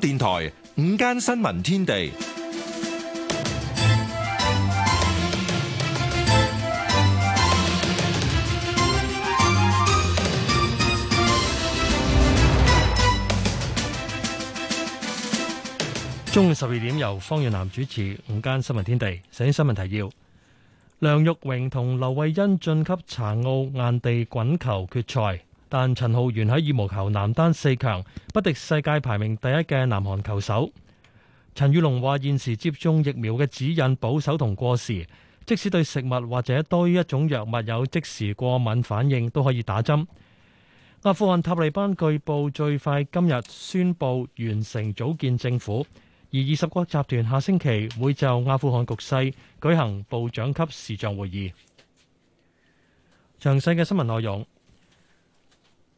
電台午間新聞天地，中午十二點由方遠南主持午間新聞天地。首先新聞提要：梁玉榮同劉慧欣晉級殘奧硬地滾球決賽。但陳浩源喺羽毛球男單四強不敵世界排名第一嘅南韓球手。陳宇龍話，現時接種疫苗嘅指引保守同過時，即使對食物或者多於一種藥物有即時過敏反應都可以打針。阿富汗塔利班據報最快今日宣布完成組建政府，而二十國集團下星期會就阿富汗局勢舉行部長級視像會議。詳細嘅新聞內容。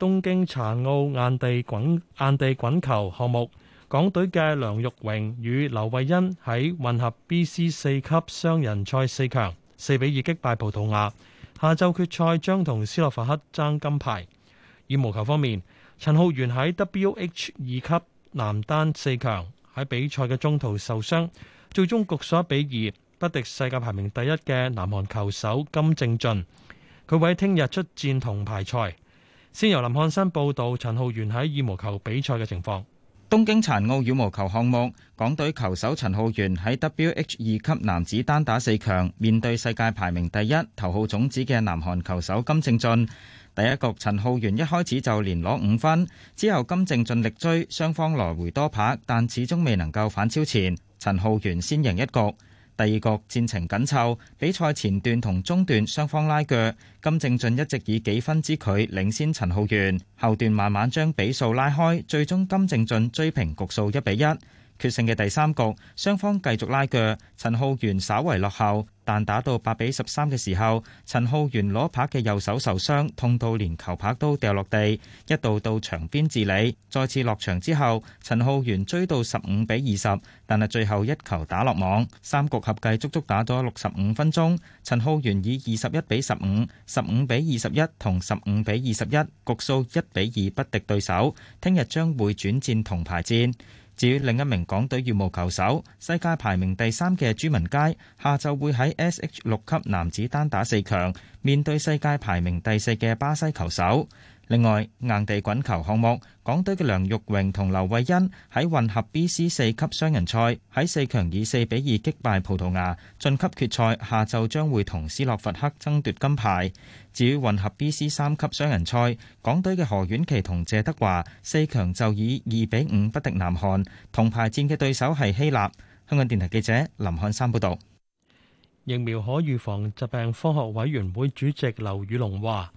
東京殘奧硬地滾硬地滾球項目，港隊嘅梁玉榮與劉慧欣喺混合 B C 四級雙人賽四強，四比二擊敗葡萄牙。下晝決賽將同斯洛伐克爭金牌。羽毛球方面，陳浩源喺 W H 二級男單四強喺比賽嘅中途受傷，最終局數一比二不敵世界排名第一嘅南韓球手金正俊。佢會喺聽日出戰銅牌賽。先由林漢生報道陳浩源喺羽毛球比賽嘅情況。東京殘奧羽毛球項目，港隊球手陳浩源喺 WH 二級男子單打四強，面對世界排名第一、頭號種子嘅南韓球手金正俊。第一局，陳浩源一開始就連攞五分，之後金正盡力追，雙方來回多拍，但始終未能夠反超前。陳浩源先贏一局。第二局戰情緊湊，比賽前段同中段雙方拉鋸，金正俊一直以幾分之距領先陳浩源。後段慢慢將比數拉開，最終金正俊追平局數一比一。決勝嘅第三局，雙方繼續拉鋸。陳浩源稍為落後，但打到八比十三嘅時候，陳浩源攞拍嘅右手受傷，痛到連球拍都掉落地，一度到場邊治理。再次落場之後，陳浩源追到十五比二十，但係最後一球打落網。三局合計足足打咗六十五分鐘。陳浩源以二十一比十五、十五比二十一同十五比二十一，局數一比二不敵對手。聽日將會轉戰銅牌戰。至於另一名港隊羽毛球手，世界排名第三嘅朱文佳，下晝會喺 SH 六級男子單打四強，面對世界排名第四嘅巴西球手。另外，硬地滾球項目，港隊嘅梁玉榮同劉慧欣喺混合 B C 四級雙人賽喺四強以四比二擊敗葡萄牙晉級決賽，下晝將會同斯洛伐克爭奪金牌。至於混合 B C 三級雙人賽，港隊嘅何婉琪同謝德華四強就以二比五不敵南韓，銅牌戰嘅對手係希臘。香港電台記者林漢山報道。疫苗可預防疾病科學委員會主席劉宇龍話，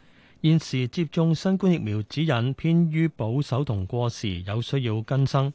現時接種新冠疫苗指引偏於保守同過時，有需要更新。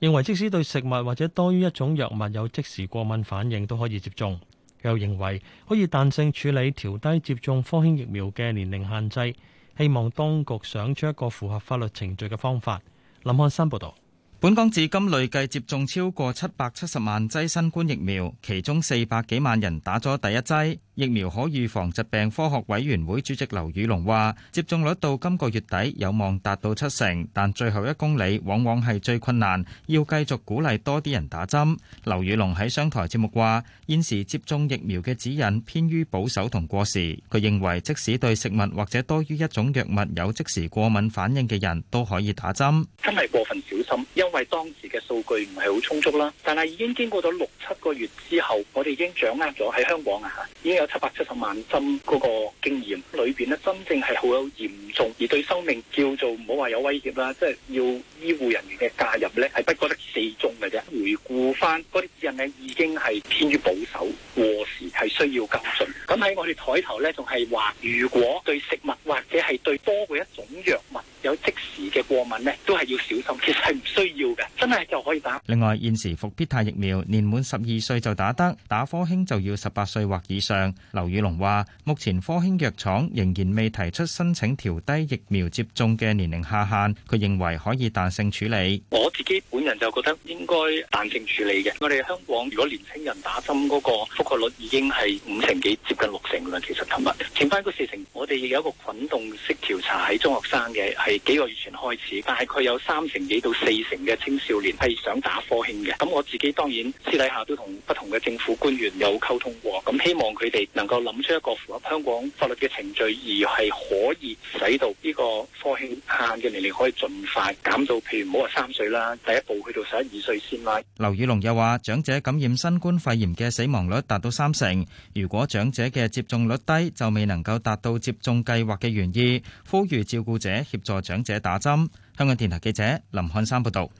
認為即使對食物或者多於一種藥物有即時過敏反應都可以接種。佢又認為可以彈性處理調低接種科興疫苗嘅年齡限制，希望當局想出一個符合法律程序嘅方法。林漢山報導。本港至今累計接種超過七百七十萬劑新冠疫苗，其中四百幾萬人打咗第一劑。疫苗可預防疾病科學委員會主席劉宇龍話，接種率到今個月底有望達到七成，但最後一公里往往係最困難，要繼續鼓勵多啲人打針。劉宇龍喺商台節目話，現時接種疫苗嘅指引偏於保守同過時。佢認為，即使對食物或者多於一種藥物有即時過敏反應嘅人都可以打針。真係過分小心，因為當時嘅數據唔係好充足啦。但係已經經過咗六七個月之後，我哋已經掌握咗喺香港啊嚇，已經有。七百七十萬針嗰個經驗裏邊咧，真正係好有嚴重，而對生命叫做唔好話有威脅啦，即係要醫護人員嘅介入咧，係不過得四宗嘅啫。回顧翻嗰啲指引咧，已經係偏於保守，過時係需要跟進。咁喺我哋台頭咧，仲係話如果對食物或者係對多過一種藥物有即時嘅過敏咧，都係要小心。其實係唔需要嘅，真係就可以打。另外，現時復必泰疫苗年滿十二歲就打得，打科興就要十八歲或以上。劉宇龍話：龍目前科興藥廠仍然未提出申請調低疫苗接種嘅年齡下限，佢認為可以彈性處理。我自己本人就覺得應該彈性處理嘅。我哋香港如果年輕人打針嗰個覆蓋率已經係五成幾，接近六成啦。其實琴日講翻個事情，我哋亦有一個滾動式調查喺中學生嘅，係幾個月前開始，但係佢有三成幾到四成嘅青少年係想打科興嘅。咁我自己當然私底下都同不同嘅政府官員有溝通過，咁希望佢哋。能夠諗出一個符合香港法律嘅程序，而係可以使到呢個科興限嘅年齡可以盡快減到，譬如唔好話三歲啦，第一步去到十一二歲先啦。劉宇龍又話：長者感染新冠肺炎嘅死亡率達到三成，如果長者嘅接種率低，就未能夠達到接種計劃嘅原意，呼籲照顧者協助長者打針。香港電台記者林漢山報導。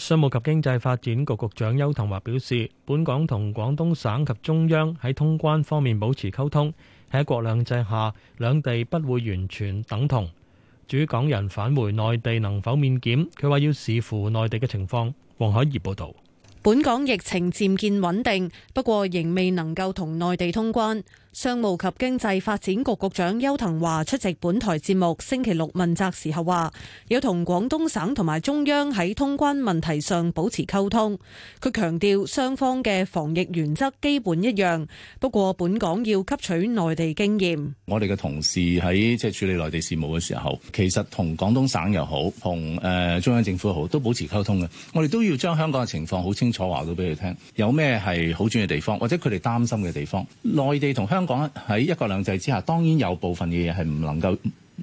商務及經濟發展局局長邱騰華表示，本港同廣東省及中央喺通關方面保持溝通，喺一國兩制下，兩地不會完全等同。至於港人返回內地能否免檢，佢話要視乎內地嘅情況。黃海怡報道，本港疫情漸見穩定，不過仍未能夠同內地通關。商務及經濟發展局局長邱騰華出席本台節目星期六問責時候話，有同廣東省同埋中央喺通關問題上保持溝通。佢強調雙方嘅防疫原則基本一樣，不過本港要吸取內地經驗。我哋嘅同事喺即係處理內地事務嘅時候，其實同廣東省又好，同誒中央政府好都保持溝通嘅。我哋都要將香港嘅情況好清楚話到俾佢聽，有咩係好轉嘅地方，或者佢哋擔心嘅地方。內地同香港香港喺一國兩制之下，當然有部分嘅嘢係唔能夠，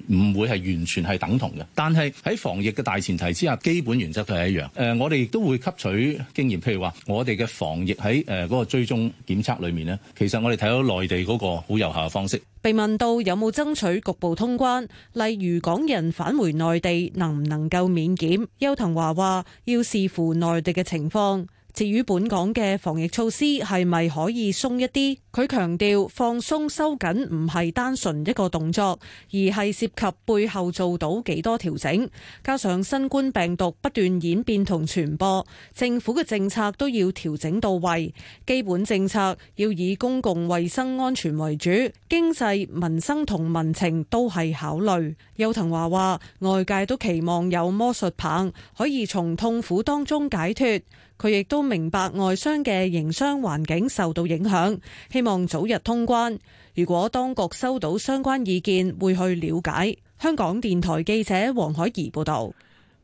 唔會係完全係等同嘅。但係喺防疫嘅大前提之下，基本原則都係一樣。誒，我哋亦都會吸取經驗，譬如話，我哋嘅防疫喺誒個追蹤檢測裏面呢，其實我哋睇到內地嗰個好有效嘅方式。被問到有冇爭取局部通關，例如港人返回內地能唔能夠免檢？邱騰華話要視乎內地嘅情況。至於本港嘅防疫措施係咪可以鬆一啲？佢強調放鬆收緊唔係單純一個動作，而係涉及背後做到幾多調整。加上新冠病毒不斷演變同傳播，政府嘅政策都要調整到位。基本政策要以公共衛生安全為主，經濟、民生同民情都係考慮。邱騰華話：外界都期望有魔術棒，可以從痛苦當中解脫。佢亦都明白外商嘅營商環境受到影響，希望早日通關。如果當局收到相關意見會去了解。香港電台記者黃海怡報道。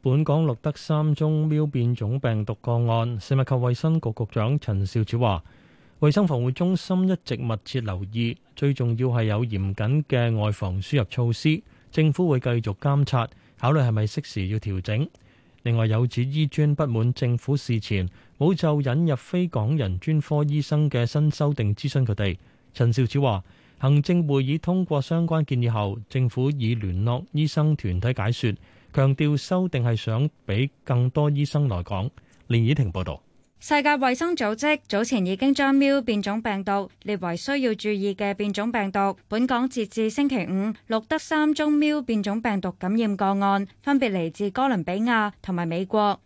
本港錄得三宗瞄變種病毒個案，食物及衛生局局長陳肇始話衛生防護中心一直密切留意，最重要係有嚴謹嘅外防輸入措施。政府會繼續監察，考慮係咪適時要調整。另外有指醫專不滿政府事前冇就引入非港人專科醫生嘅新修訂諮詢佢哋。陳肇始話：行政會議通過相關建議後，政府已聯絡醫生團體解説，強調修訂係想俾更多醫生來港。連怡婷報導。世界衛生組織早前已經將 Mu 變種病毒列為需要注意嘅變種病毒。本港截至星期五錄得三宗 Mu 變種病毒感染個案，分別嚟自哥倫比亞同埋美國。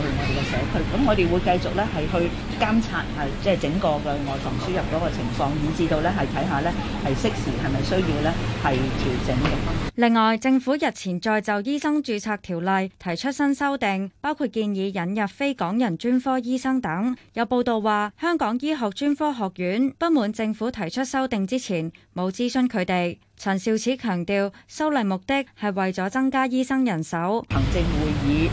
去我哋嘅社區，咁我哋會繼續咧係去監察，係即係整個嘅外防輸入嗰個情況，以至到咧係睇下咧係適時係咪需要咧係調整嘅。另外，政府日前再就醫生注冊條例提出新修訂，包括建議引入非港人專科醫生等。有報道話，香港醫學專科學院不滿政府提出修訂之前冇諮詢佢哋。陳肇始強調修例目的係為咗增加醫生人手。行政會議。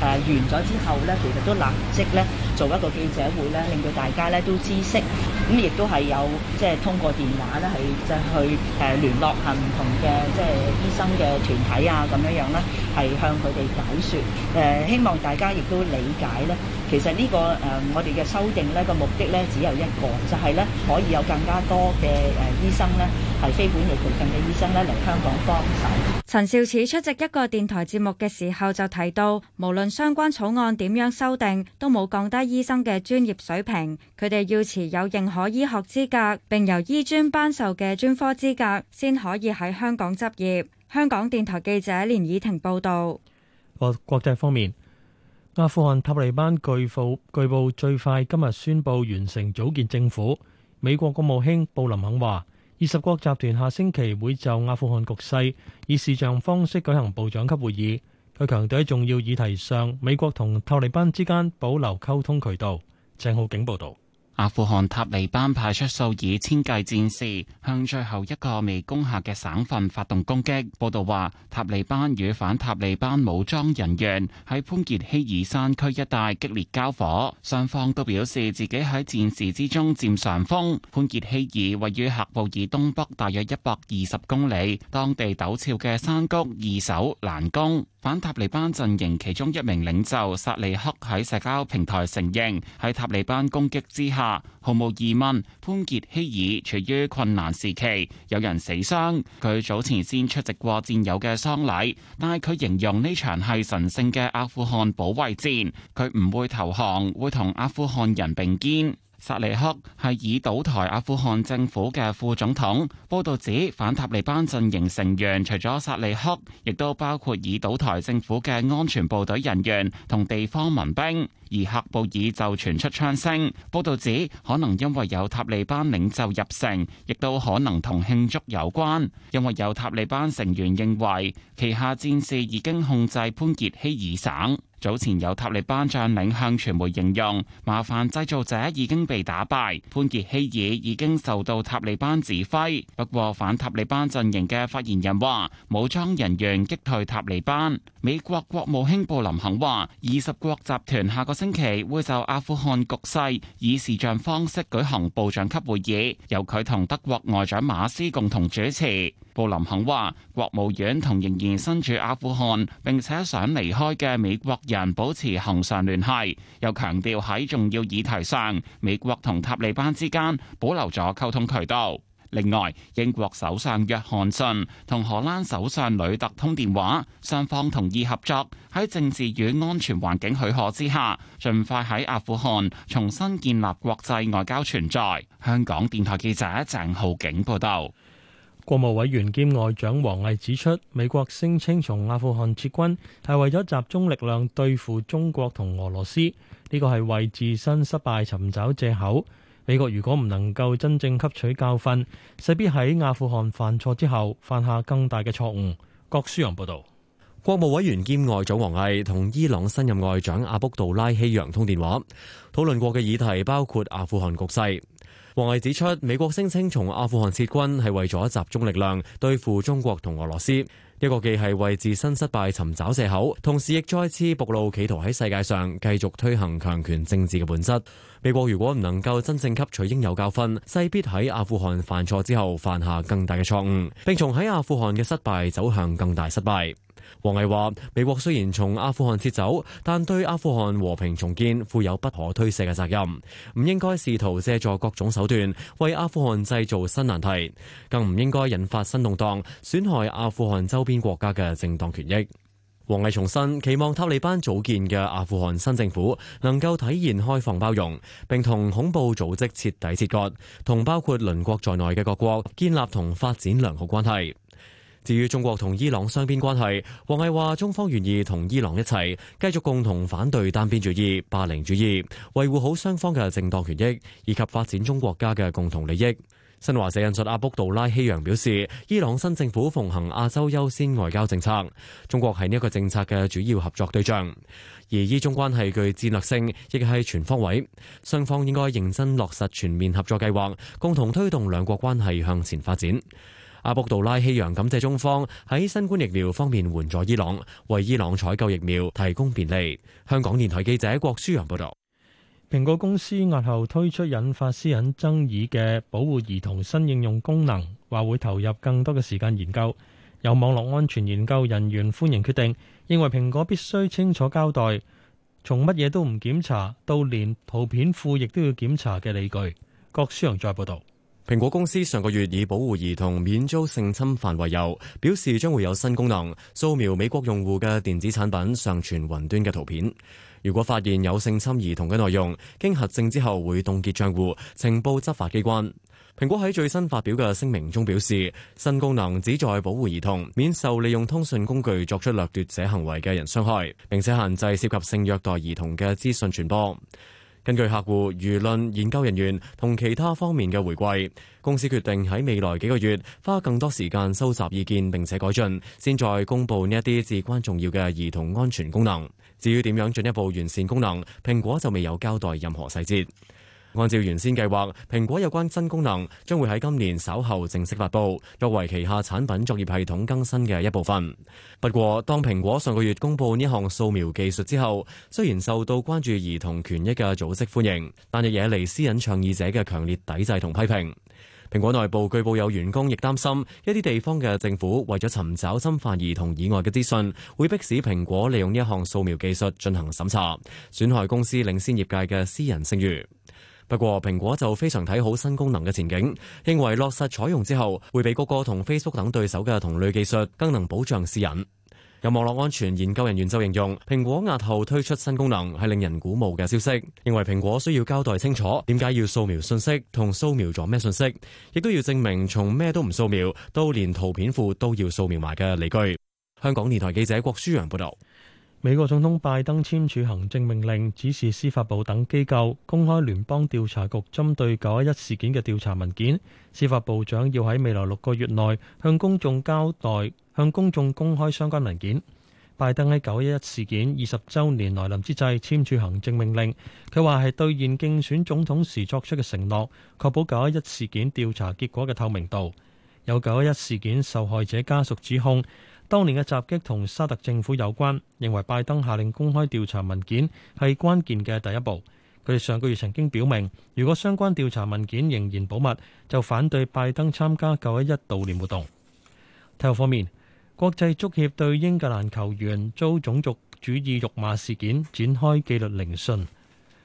誒、啊、完咗之後咧，其實都立即咧做一個記者會咧，令到大家咧都知悉，咁、嗯、亦都係有即係、就是、通過電話咧係即係去誒聯絡下唔同嘅即係醫生嘅團體啊，咁樣樣咧係向佢哋解說誒、呃、希望大家亦都理解咧。其實呢個誒，我哋嘅修訂呢個目的呢，只有一個，就係呢可以有更加多嘅誒醫生呢，係非本地培訓嘅醫生呢，嚟香港幫手。陳肇始出席一個電台節目嘅時候就提到，無論相關草案點樣修訂，都冇降低醫生嘅專業水平。佢哋要持有認可醫學資格並由醫專頒授嘅專科資格，先可以喺香港執業。香港電台記者連以婷報道。國國際方面。阿富汗塔利班據報最快今日宣布完成組建政府。美國國務卿布林肯話，二十國集團下星期會就阿富汗局勢以視像方式舉行部長級會議。佢強調喺重要議題上，美國同塔利班之間保留溝通渠道。鄭浩景報道。阿富汗塔利班派出數以千計戰士向最後一個未攻下嘅省份發動攻擊。報道話，塔利班與反塔利班武裝人員喺潘傑希爾山區一帶激烈交火，雙方都表示自己喺戰事之中佔上風。潘傑希爾位於喀布爾東北，大約一百二十公里，當地陡峭嘅山谷易守難攻。反塔利班陣營其中一名領袖薩利克喺社交平台承認，喺塔利班攻擊之下毫無疑問，潘傑希爾處於困難時期，有人死傷。佢早前先出席過戰友嘅喪禮，但係佢形容呢場係神聖嘅阿富汗保衛戰，佢唔會投降，會同阿富汗人並肩。薩利克係已倒台阿富汗政府嘅副總統。報道指反塔利班陣營成員，除咗薩利克，亦都包括已倒台政府嘅安全部隊人員同地方民兵。而喀布爾就傳出槍聲，報道指可能因為有塔利班領袖入城，亦都可能同慶祝有關。因為有塔利班成員認為旗下戰士已經控制潘傑希爾省。早前有塔利班將領向傳媒形容，麻煩製造者已經被打敗，潘傑希爾已經受到塔利班指揮。不過反塔利班陣營嘅發言人話，武裝人員擊退塔利班。美國國務卿布林肯話，二十國集團下個星期會就阿富汗局勢以視像方式舉行部長級會議，由佢同德國外長馬斯共同主持。布林肯話：國務院同仍然身處阿富汗並且想離開嘅美國人保持恒常聯繫，又強調喺重要議題上，美國同塔利班之間保留咗溝通渠道。另外，英國首相約翰遜同荷蘭首相呂特通電話，雙方同意合作，喺政治與安全環境許可之下，盡快喺阿富汗重新建立國際外交存在。香港電台記者鄭浩景報道。國務委員兼外長王毅指出，美國聲稱從阿富汗撤軍係為咗集中力量對付中國同俄羅斯，呢個係為自身失敗尋找借口。美國如果唔能夠真正吸取教訓，勢必喺阿富汗犯錯之後犯下更大嘅錯誤。郭書洋報道，國務委員兼外長王毅同伊朗新任外長阿卜杜拉希揚通電話，討論過嘅議題包括阿富汗局勢。王毅指出，美國聲稱從阿富汗撤軍係為咗集中力量對付中國同俄羅斯，一個既係為自身失敗尋找借口，同時亦再次暴露企圖喺世界上繼續推行強權政治嘅本質。美國如果唔能夠真正吸取應有教訓，勢必喺阿富汗犯錯之後犯下更大嘅錯誤，並從喺阿富汗嘅失敗走向更大失敗。王毅話：美國雖然從阿富汗撤走，但對阿富汗和平重建負有不可推卸嘅責任，唔應該試圖借助各種手段為阿富汗製造新難題，更唔應該引發新動盪，損害阿富汗周邊國家嘅正當權益。王毅重申，期望塔利班組建嘅阿富汗新政府能夠體現開放包容，並同恐怖組織徹底切割，同包括鄰國在內嘅各國建立同發展良好關係。至於中國同伊朗雙邊關係，王毅話中方願意同伊朗一齊繼續共同反對單邊主義、霸凌主義，維護好雙方嘅正當權益以及發展中國家嘅共同利益。新華社引述阿卜杜拉希揚表示，伊朗新政府奉行亞洲優先外交政策，中國係呢一個政策嘅主要合作對象。而伊中關係具戰略性，亦係全方位，雙方應該認真落實全面合作計劃，共同推動兩國關係向前發展。阿卜杜拉希揚感謝中方喺新冠疫苗方面援助伊朗，為伊朗採購疫苗提供便利。香港電台記者郭舒洋報道。蘋果公司押後推出引發私隱爭議嘅保護兒童新應用功能，話會投入更多嘅時間研究。有網絡安全研究人員歡迎決定，認為蘋果必須清楚交代，從乜嘢都唔檢查到連圖片庫亦都要檢查嘅理據。郭舒洋再報道。蘋果公司上個月以保護兒童免遭性侵犯為由，表示將會有新功能掃描美國用戶嘅電子產品上傳雲端嘅圖片。如果發現有性侵兒童嘅內容，經核證之後會凍結賬戶，情報執法機關。蘋果喺最新發表嘅聲明中表示，新功能旨在保護兒童免受利用通訊工具作出掠奪者行為嘅人傷害，並且限制涉及性虐待兒童嘅資訊傳播。根據客戶、輿論、研究人員同其他方面嘅回饋，公司決定喺未來幾個月花更多時間收集意見並且改進，先再公佈呢一啲至關重要嘅兒童安全功能。至於點樣進一步完善功能，蘋果就未有交代任何細節。按照原先計劃，蘋果有關新功能將會喺今年稍後正式發佈，作為旗下產品作業系統更新嘅一部分。不過，當蘋果上個月公布呢項掃描技術之後，雖然受到關注兒童權益嘅組織歡迎，但亦惹嚟私隱倡議者嘅強烈抵制同批評。蘋果內部據報有員工亦擔心，一啲地方嘅政府為咗尋找侵犯兒童以外嘅資訊，會迫使蘋果利用呢項掃描技術進行審查，損害公司領先業界嘅私人聲譽。不過蘋果就非常睇好新功能嘅前景，認為落實採用之後，會比個個同 Facebook 等對手嘅同類技術更能保障私隱。有網絡安全研究人員就形容蘋果押後推出新功能係令人鼓舞嘅消息，認為蘋果需要交代清楚點解要掃描信息同掃描咗咩信息，亦都要證明從咩都唔掃描到連圖片庫都要掃描埋嘅理據。香港電台記者郭舒陽報道。美國總統拜登簽署行政命令，指示司法部等機構公開聯邦調查局針對九一一事件嘅調查文件。司法部長要喺未來六個月內向公眾交代、向公眾公開相關文件。拜登喺九一一事件二十周年來臨之際簽署行政命令，佢話係兌現競選總統時作出嘅承諾，確保九一一事件調查結果嘅透明度。有九一一事件受害者家屬指控。當年嘅襲擊同沙特政府有關，認為拜登下令公開調查文件係關鍵嘅第一步。佢哋上個月曾經表明，如果相關調查文件仍然保密，就反對拜登參加九一一悼念活動。體育方面，國際足協對英格蘭球員遭種族主義辱罵事件展開紀律聆訊，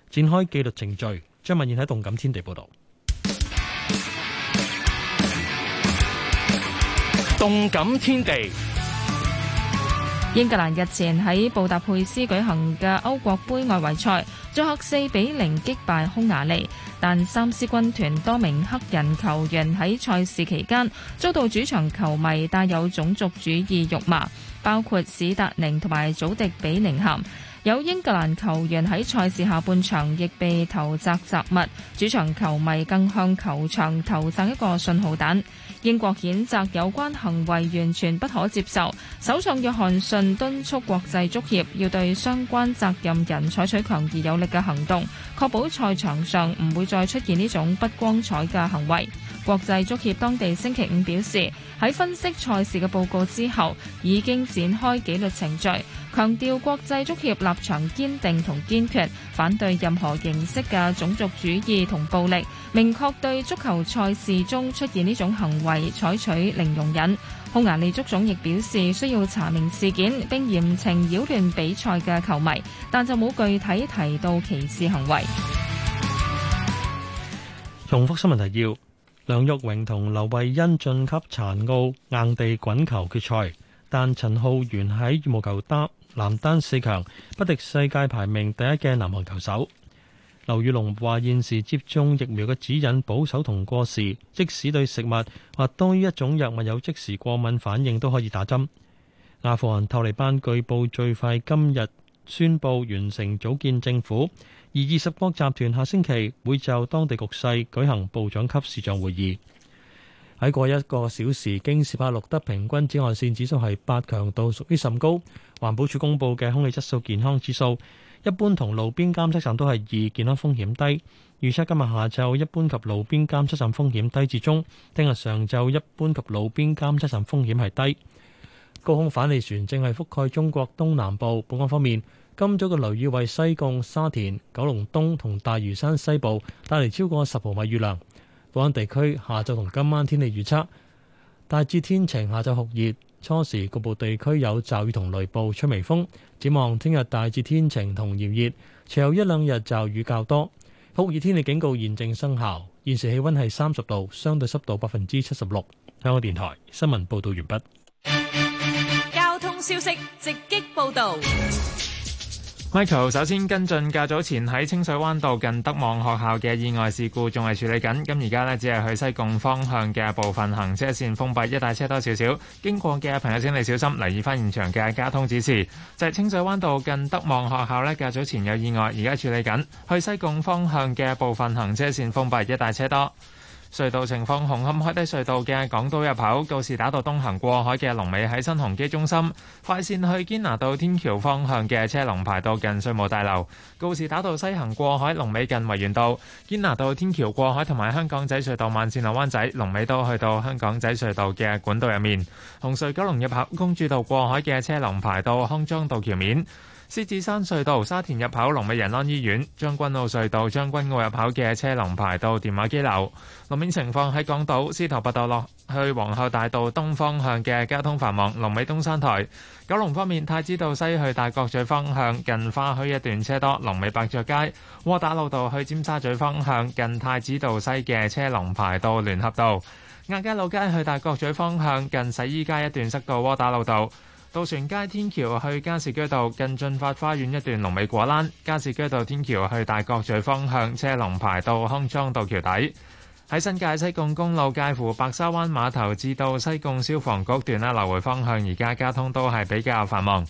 展開紀律程序。張文燕喺動感天地報道。動感天地。英格蘭日前喺布達佩斯舉行嘅歐國杯外圍賽，作客四比零擊敗匈牙利，但三獅軍團多名黑人球員喺賽事期間遭到主場球迷帶有種族主義辱罵，包括史達寧同埋祖迪比寧咸。有英格蘭球員喺賽事下半場亦被投擲雜物，主場球迷更向球場投擲一個信號彈。英國譴責有關行為完全不可接受，首相約翰遜敦促國際足協要對相關責任人採取強而有力嘅行動，確保賽場上唔會再出現呢種不光彩嘅行為。國際足協當地星期五表示，喺分析賽事嘅報告之後，已經展開紀律程序。強調國際足協立場堅定同堅決反對任何形式嘅種族主義同暴力，明確對足球賽事中出現呢種行為採取零容忍。匈牙利足總亦表示需要查明事件，並嚴懲擾亂比賽嘅球迷，但就冇具體提到歧視行為。重複新聞提要：梁玉榮同劉慧欣晉級殘奧硬地滾球決賽，但陳浩源喺羽毛球單男單四強不敵世界排名第一嘅南韓球手。劉宇龍話：現時接種疫苗嘅指引保守同過時，即使對食物或多於一種藥物有即時過敏反應，都可以打針。阿富汗塔利班據報最快今日宣佈完成組建政府，而二十國集團下星期會就當地局勢舉行部長級視像會議。喺過一個小時，京士柏錄得平均紫外線指數係八，強度屬於甚高。環保署公布嘅空氣質素健康指數，一般同路邊監測站都係二，健康風險低。預測今日下晝一般及路邊監測站風險低至中，聽日上晝一般及路邊監測站風險係低。高空反氣旋正係覆蓋中國東南部。本港方面，今早嘅雷雨為西貢、沙田、九龍東同大嶼山西部帶嚟超過十毫米雨量。本港地區下晝同今晚天氣預測，大致天晴，下晝酷熱，初時局部地區有驟雨同雷暴，吹微風。展望聽日大致天晴同炎熱，隨後一兩日驟雨較多。酷熱天氣警告現正生效。現時氣溫係三十度，相對濕度百分之七十六。香港電台新聞報道完畢。交通消息直擊報道。Michael 首先跟進，較早前喺清水灣道近德望學校嘅意外事故仲係處理緊，咁而家呢，只係去西貢方向嘅部分行車線封閉，一帶車多少少。經過嘅朋友請你小心。留意返現場嘅交通指示，就係、是、清水灣道近德望學校呢，較早前有意外，而家處理緊，去西貢方向嘅部分行車線封閉，一帶車多。隧道情況：紅磡海底隧道嘅港島入口，告士打道東行過海嘅龍尾喺新鴻基中心；快線去堅拿道天橋方向嘅車龍排到近稅務大樓；告士打道西行過海龍尾近維園道；堅拿道天橋過海同埋香港仔隧道慢線落灣仔龍尾都去到香港仔隧道嘅管道入面；紅隧九龍入口公主道過海嘅車龍排到康莊道橋面。獅子山隧道沙田入口龍尾仁安醫院，將軍澳隧道將軍澳入口嘅車龍排到電話機樓。路面情況喺港島司徒拔道落去皇后大道東方向嘅交通繁忙，龍尾東山台。九龍方面，太子道西去大角咀方向近花墟一段車多，龍尾白雀街。窩打老道去尖沙咀方向近太子道西嘅車龍排到聯合道。亞皆老街去大角咀方向近洗衣街一段塞到窩打老道。渡船街天橋去加士居道近進發花園一段，龍尾果欄；加士居道天橋去大角咀方向，車龍排到康莊道橋底。喺新界西貢公路介乎白沙灣碼頭至到西貢消防局段咧，來回方向而家交通都係比較繁忙。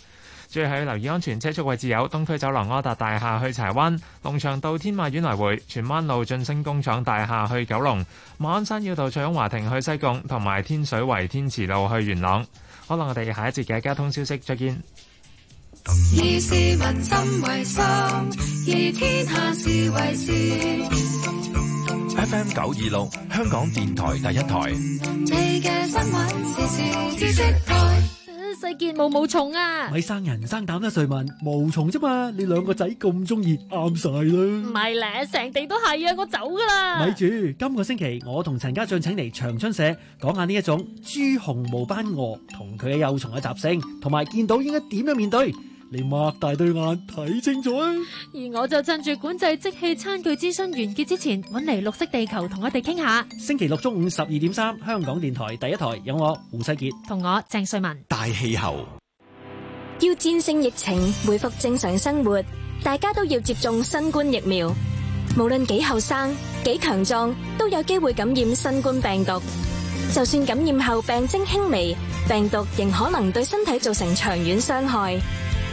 最係留意安全車速位置有東區走廊柯達大廈去柴灣，龍翔道天馬苑來回，荃灣路晉升工廠大廈去九龍，馬鞍山繞道翠峯華庭去西貢，同埋天水圍天慈路去元朗。好啦，我哋下一節嘅交通消息再見。以市民心為心，以天下事為事。FM 九二六，香港電台第一台。你嘅新聞時時知識台。細件毛毛蟲啊！咪生人生膽啦，瑞文毛蟲啫嘛，你兩個仔咁中意，啱晒啦！唔係咧，成地都係啊，我走噶啦！咪住，今個星期我同陳家俊請嚟長春社講下呢一種朱紅毛斑蛾同佢嘅幼蟲嘅習性，同埋見到應該點樣面對。你擘大對眼睇清楚，而我就趁住管制即棄餐具諮詢完結之前，搵嚟綠色地球同我哋傾下。星期六中午十二點三，香港電台第一台有我胡世杰同我鄭瑞文。大氣候。要戰勝疫情，回復正常生活，大家都要接種新冠疫苗。無論幾後生、幾強壯，都有機會感染新冠病毒。就算感染後病徵輕微，病毒仍可能對身體造成長遠傷害，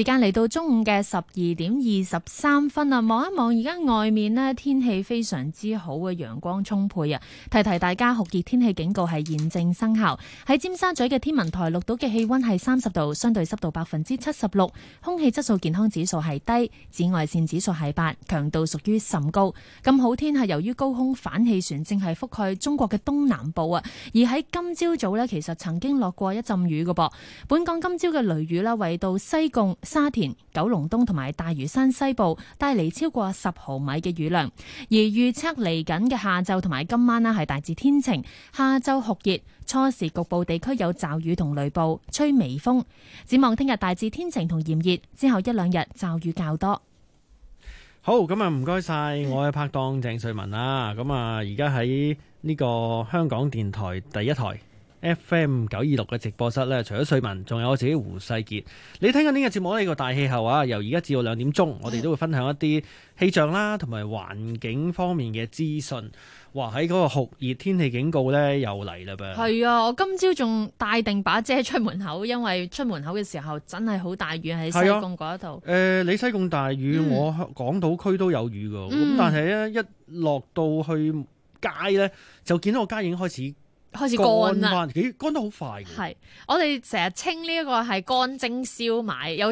時間嚟到中午嘅十二點二十三分啊。望一望而家外面呢，天氣非常之好嘅陽光充沛啊！提提大家，酷熱天氣警告係現正生效。喺尖沙咀嘅天文台錄到嘅氣溫係三十度，相對濕度百分之七十六，空氣質素健康指數係低，紫外線指數係八，強度屬於甚高。咁好天，係由於高空反氣旋正係覆蓋中國嘅東南部啊，而喺今朝早呢，其實曾經落過一陣雨噶噃。本港今朝嘅雷雨啦，圍到西貢、沙田、九龍東同埋大嶼山西部帶嚟超過十毫米嘅雨量，而預測嚟緊嘅下晝同埋今晚呢，係大致天晴，下晝酷熱，初時局部地區有驟雨同雷暴，吹微風。展望聽日大致天晴同炎熱，之後一兩日驟雨較多。好，咁啊唔該晒，我嘅拍檔鄭瑞文啦，咁啊而家喺呢個香港電台第一台 F.M. 九二六嘅直播室咧，除咗瑞文，仲有我自己胡世杰。你睇緊呢個節目呢、呢個大氣候啊，由而家至到兩點鐘，我哋都會分享一啲氣象啦，同埋環境方面嘅資訊。哇，喺嗰個酷熱天氣警告咧，又嚟啦噃。係啊，我今朝仲帶定把遮出門口，因為出門口嘅時候真係好大雨喺西貢嗰度。誒、啊呃，你西貢大雨，嗯、我港島區都有雨㗎。咁、嗯、但係咧，一落到去街咧，就見到個街已經開始。開始乾啦，咦，乾得好快嘅。係，我哋成日稱呢一個係乾蒸燒賣。有。